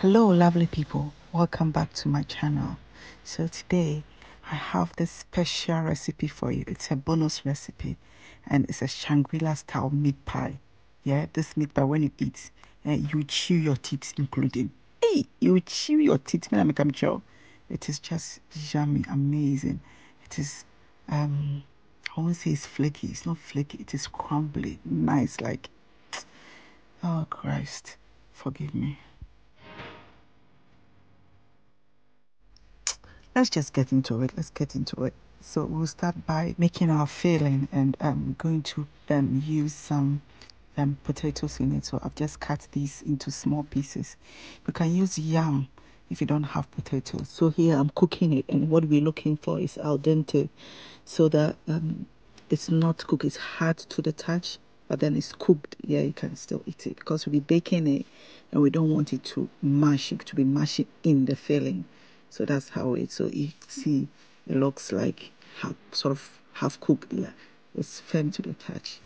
hello lovely people welcome back to my channel so today i have this special recipe for you it's a bonus recipe and it's a shangri-la style meat pie yeah this meat pie when you eat uh, you chew your teeth including hey you chew your teeth it is just yummy amazing it is um i won't say it's flaky it's not flaky it is crumbly nice like oh christ forgive me let's just get into it. Let's get into it. So we'll start by making our filling, and I'm um, going to um, use some um, potatoes in it. So I've just cut these into small pieces. You can use yam if you don't have potatoes. So here I'm cooking it, and what we're looking for is al dente, so that um, it's not cooked. It's hard to the touch, but then it's cooked. Yeah, you can still eat it because we'll be baking it, and we don't want it to mash. It to be mashing in the filling. So that's how it. So you see, it looks like half, sort of half cooked. It's firm to the touch.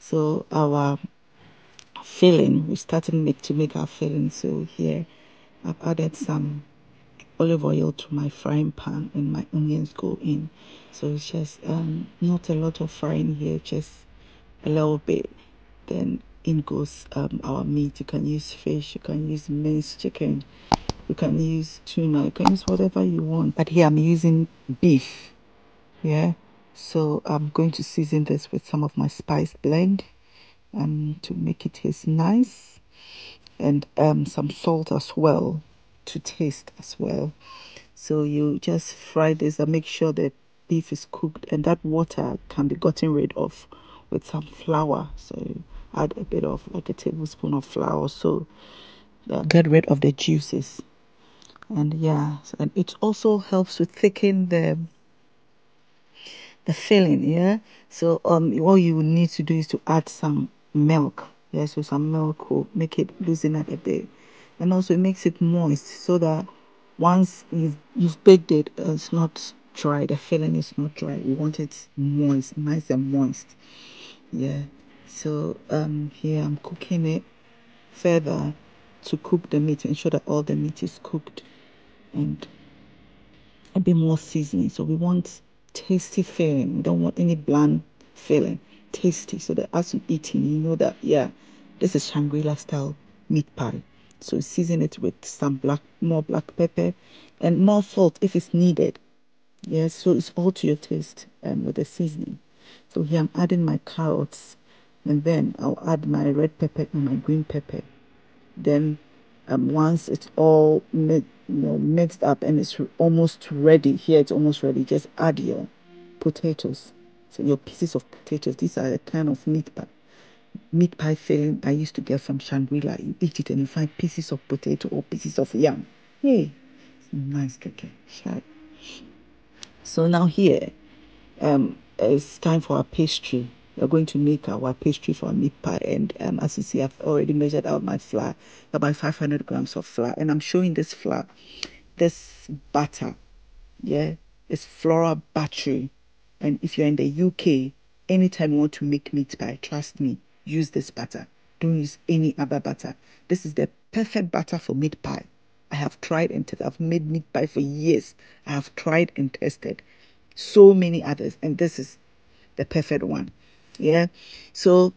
So our filling, we started make, to make our filling. So here, I've added some olive oil to my frying pan, and my onions go in. So it's just um, not a lot of frying here, just a little bit. Then in goes um, our meat. You can use fish, you can use minced chicken, you can use tuna, you can use whatever you want. But here I'm using beef. Yeah. So I'm going to season this with some of my spice blend and um, to make it taste nice. And um, some salt as well to taste as well. So you just fry this and make sure the beef is cooked and that water can be gotten rid of with some flour. So add a bit of like a tablespoon of flour so. get rid of the juices and yeah and it also helps to thicken the the filling yeah so um all you need to do is to add some milk yeah so some milk will make it loosen up a bit and also it makes it moist so that once you've, you've baked it uh, it's not dry the filling is not dry we want it moist nice and moist yeah so um here i'm cooking it further to cook the meat ensure that all the meat is cooked and a bit more seasoning. So we want tasty filling. We don't want any bland filling. Tasty, so that as you eat you know that yeah, this is Shangri-La style meat pie. So season it with some black, more black pepper, and more salt if it's needed. Yes, yeah, so it's all to your taste and um, with the seasoning. So here I'm adding my carrots, and then I'll add my red pepper and my green pepper. Then um, once it's all mixed you know, mixed up and it's almost ready. Here it's almost ready. Just add your potatoes. So your pieces of potatoes. These are a kind of meat pie. Meat pie filling I used to get from Shangri-La. You eat it and you find pieces of potato or pieces of yam. Hey, nice cooking. So now here, um, it's time for our pastry. We're going to make our pastry for meat pie, and um, as you see, I've already measured out my flour, about 500 grams of flour, and I'm showing this flour, this butter, yeah, it's floral battery, and if you're in the UK, anytime you want to make meat pie, trust me, use this butter. Don't use any other butter. This is the perfect butter for meat pie. I have tried and tested. I've made meat pie for years. I have tried and tested so many others, and this is the perfect one. Yeah. So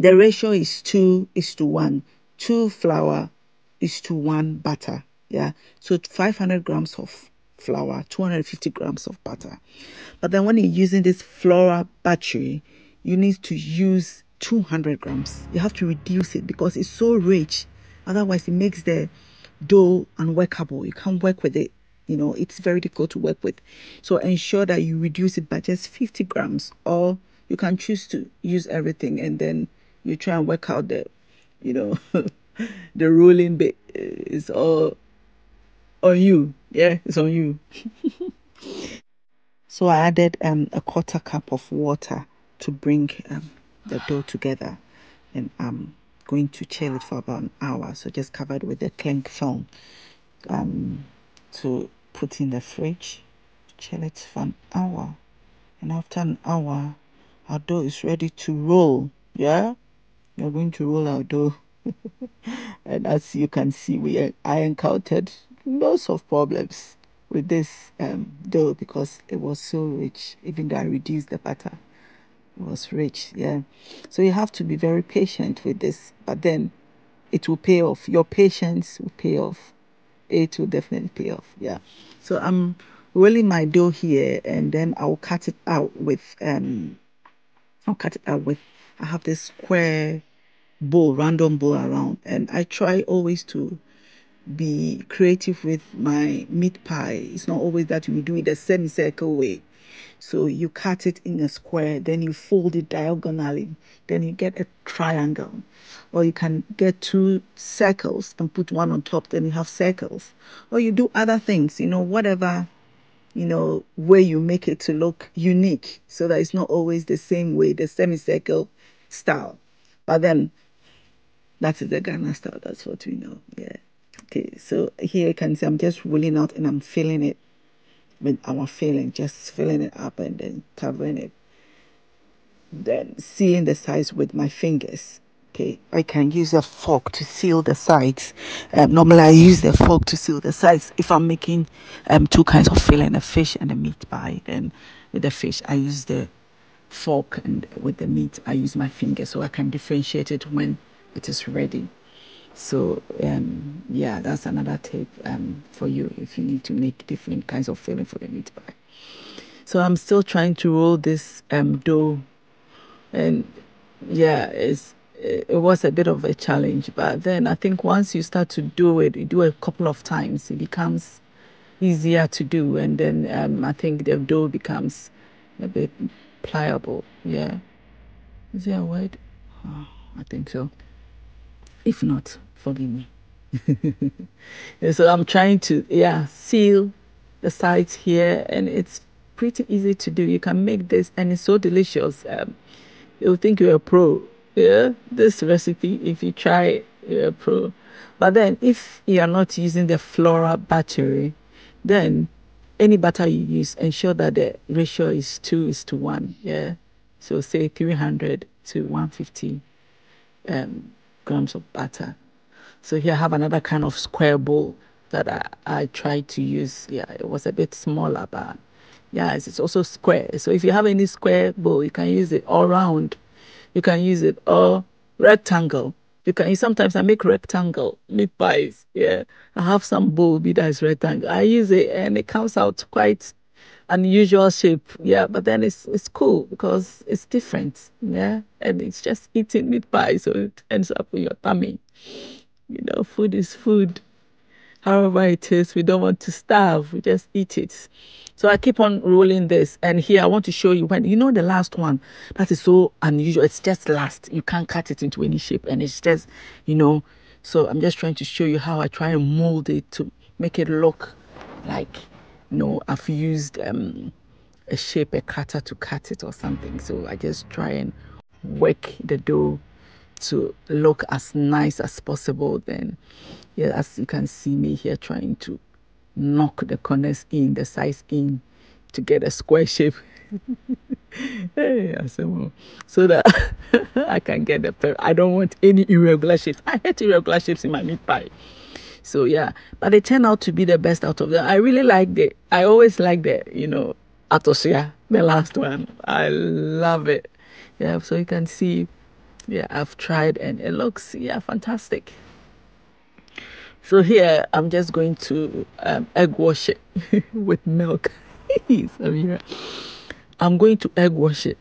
the ratio is two is to one. Two flour is to one butter. Yeah. So 500 grams of flour, 250 grams of butter. But then when you're using this flour battery, you need to use 200 grams. You have to reduce it because it's so rich. Otherwise, it makes the dough unworkable. You can't work with it. You know, it's very difficult to work with. So ensure that you reduce it by just 50 grams or you can choose to use everything and then you try and work out the you know the ruling bit is all on you yeah it's on you so i added um a quarter cup of water to bring um, the dough together and i'm going to chill it for about an hour so just covered with a cling film um to put in the fridge chill it for an hour and after an hour our dough is ready to roll. Yeah? We're going to roll our dough, and as you can see, we I encountered lots of problems with this um, dough because it was so rich. Even though I reduced the butter, it was rich. Yeah. So you have to be very patient with this, but then it will pay off. Your patience will pay off. It will definitely pay off. Yeah. So I'm rolling my dough here, and then I'll cut it out with um, I'll cut it out with. I have this square bowl, random bowl around, and I try always to be creative with my meat pie. It's not always that you do it a semicircle way. So you cut it in a square, then you fold it diagonally, then you get a triangle. Or you can get two circles and put one on top, then you have circles. Or you do other things, you know, whatever you know, way you make it to look unique so that it's not always the same way, the semicircle style. But then that is the Ghana style, that's what we know. Yeah. Okay, so here you can see I'm just rolling out and I'm filling it with our filling, just filling it up and then covering it. Then seeing the size with my fingers okay i can use a fork to seal the sides um, normally i use the fork to seal the sides if i'm making um, two kinds of filling a fish and a meat pie then with the fish i use the fork and with the meat i use my finger so i can differentiate it when it is ready so um, yeah that's another tip um, for you if you need to make different kinds of filling for the meat pie so i'm still trying to roll this um, dough and yeah it's it was a bit of a challenge. But then I think once you start to do it, you do it a couple of times, it becomes easier to do. And then um, I think the dough becomes a bit pliable. Yeah. Is there a word? Oh, I think so. If not, forgive me. so I'm trying to, yeah, seal the sides here. And it's pretty easy to do. You can make this, and it's so delicious. Um, you'll think you're a pro yeah this recipe if you try it you but then if you are not using the floral battery then any butter you use ensure that the ratio is two is to one yeah so say 300 to 150 um, grams of butter so here I have another kind of square bowl that I, I tried to use. Yeah, it was a bit smaller, but yeah, it's, it's, also square. So if you have any square bowl, you can use it all round you can use it. Or rectangle. You can sometimes I make rectangle meat pies. Yeah. I have some bowl that is rectangle. I use it and it comes out quite unusual shape. Yeah, but then it's it's cool because it's different. Yeah, and it's just eating meat pie, so it ends up in your tummy. You know, food is food however it is. We don't want to starve. We just eat it. So I keep on rolling this. And here I want to show you when you know the last one that is so unusual. It's just last. You can't cut it into any shape. And it's just, you know. So I'm just trying to show you how I try and mold it to make it look like you know I've used um, a shape, a cutter to cut it or something. So I just try and work the dough to look as nice as possible, then yeah, as you can see me here trying to knock the corners in, the sides in to get a square shape. hey, so that I can get the per I don't want any irregular shapes. I hate irregular shapes in my meat pie. So yeah, but they turn out to be the best out of them. I really like the I always like the, you know, Atosia, the last one. I love it. Yeah, so you can see yeah i've tried and it looks yeah fantastic so here i'm just going to um, egg wash it with milk i'm going to egg wash it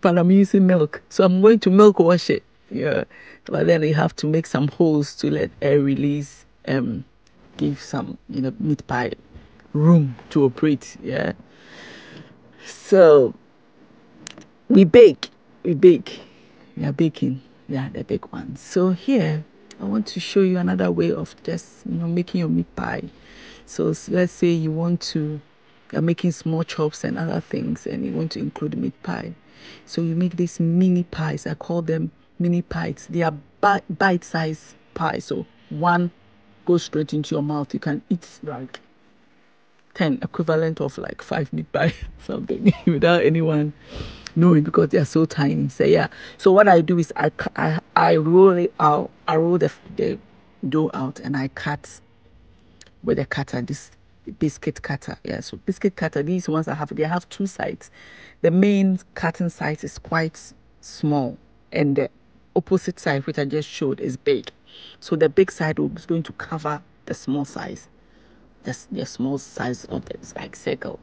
but i'm using milk so i'm going to milk wash it yeah but then you have to make some holes to let air release um give some you know meat pie room to operate yeah so we bake we bake we are baking. They are the big ones. So here, I want to show you another way of just you know making your meat pie. So let's say you want to, you're making small chops and other things, and you want to include meat pie. So you make these mini pies. I call them mini pies. They are bite-sized pies. So one goes straight into your mouth. You can eat like 10 equivalent of like five meat pie something without anyone no, because they are so tiny. So yeah. So what I do is I I, I roll it out. I roll the the dough out and I cut with a cutter. This biscuit cutter. Yeah. So biscuit cutter. These ones I have. They have two sides. The main cutting side is quite small, and the opposite side, which I just showed, is big. So the big side is going to cover the small size. The, the small size of the like circle.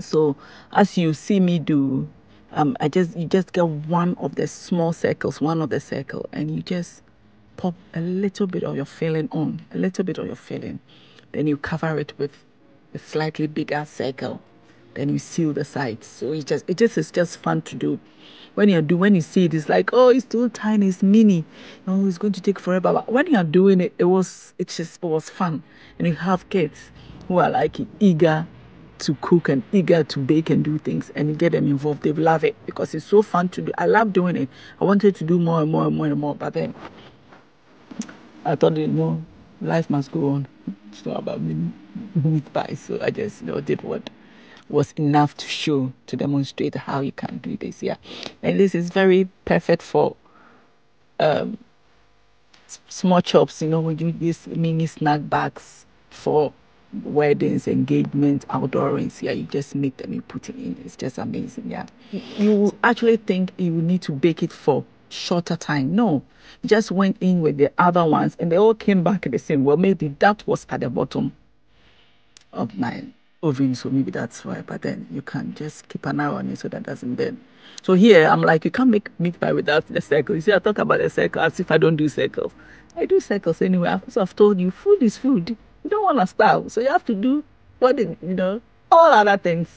So as you see me do, um, I just you just get one of the small circles, one of the circle, and you just pop a little bit of your filling on, a little bit of your filling. Then you cover it with a slightly bigger circle. Then you seal the sides. So it just it just is just fun to do. When you do when you see it, it's like oh it's too tiny, it's mini. Oh, it's going to take forever. But when you're doing it, it was it just it was fun. And you have kids who are like eager to cook and eager to bake and do things and get them involved. They love it because it's so fun to do. I love doing it. I wanted to do more and more and more and more, but then I thought, you know, life must go on. It's not about me moved by, so I just you know did what was enough to show to demonstrate how you can do this. Yeah, and this is very perfect for um, small shops. You know, we do these mini snack bags for weddings, engagements, outdoorings. Yeah, you just make them, you put it in. It's just amazing. Yeah. You actually think you need to bake it for shorter time. No, just went in with the other ones and they all came back the same. Well, maybe that was at the bottom of my oven, so maybe that's why. But then you can just keep an eye on it so that doesn't burn. So here I'm like, you can't make meat pie without the circle. You see, I talk about the circle as if I don't do circles. I do circles anyway. so I've told you, food is food. You don't want to starve, so you have to do what they, you know, all other things.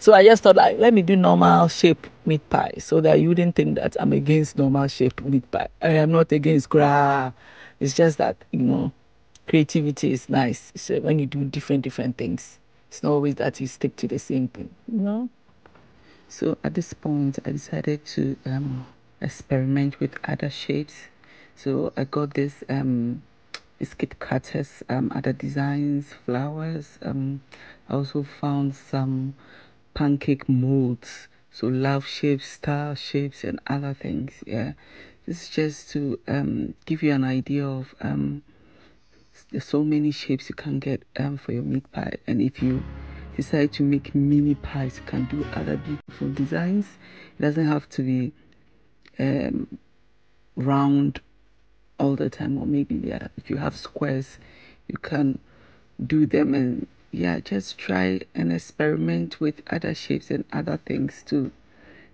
So I just thought, like, let me do normal shape meat pie so that you do not think that I'm against normal shape meat pie. I am not against gra. It's just that, you know, creativity is nice. So uh, when you do different, different things, it's not always that you stick to the same thing, you know? So at this point, I decided to um, experiment with other shapes. So I got this um, skit cutters, um, other designs, flowers. Um, I also found some pancake molds, so love shapes, star shapes, and other things. Yeah, this is just to um, give you an idea of um, there's so many shapes you can get um, for your meat pie, and if you decide to make mini pies, you can do other beautiful designs. It doesn't have to be um, round all the time or maybe yeah, if you have squares you can do them and yeah just try and experiment with other shapes and other things to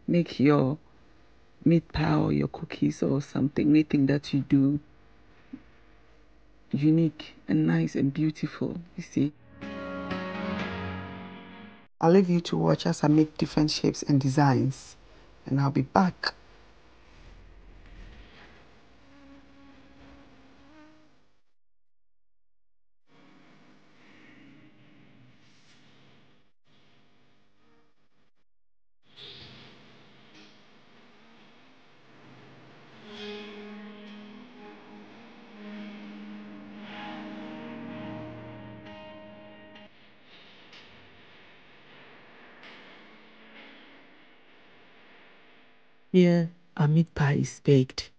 make your meat pie or your cookies or something anything that you do unique and nice and beautiful you see i'll leave you to watch as i make different shapes and designs and i'll be back Here, a meat pie is baked.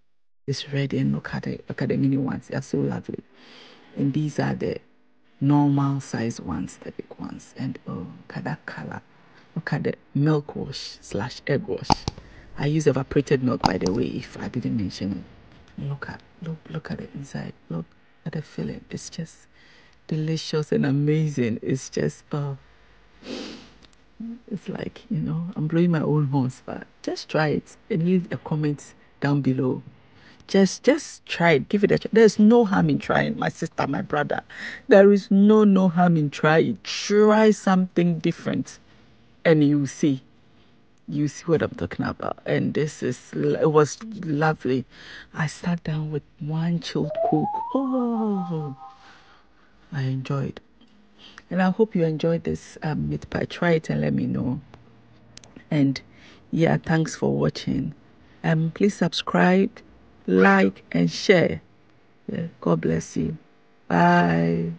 It's ready. and look at the, look at the mini ones. They are so lovely. And these are the normal size ones, the big ones. And oh, look at that color. Look at the milk wash slash egg wash. I use evaporated milk, by the way, if I didn't mention it. Look at look look at the inside. Look at the filling. It's just delicious and amazing. It's just oh. It's like, you know, I'm blowing my own horns, but just try it and leave a comment down below. Just just try it. Give it a try. There's no harm in trying, my sister, my brother. There is no no harm in trying. Try something different and you see. You see what I'm talking about. And this is it was lovely. I sat down with one chilled cook. Oh I enjoyed. And I hope you enjoyed this um, bit, try it and let me know. And yeah, thanks for watching. Um, please subscribe, like, and share. Yeah, God bless you. Bye.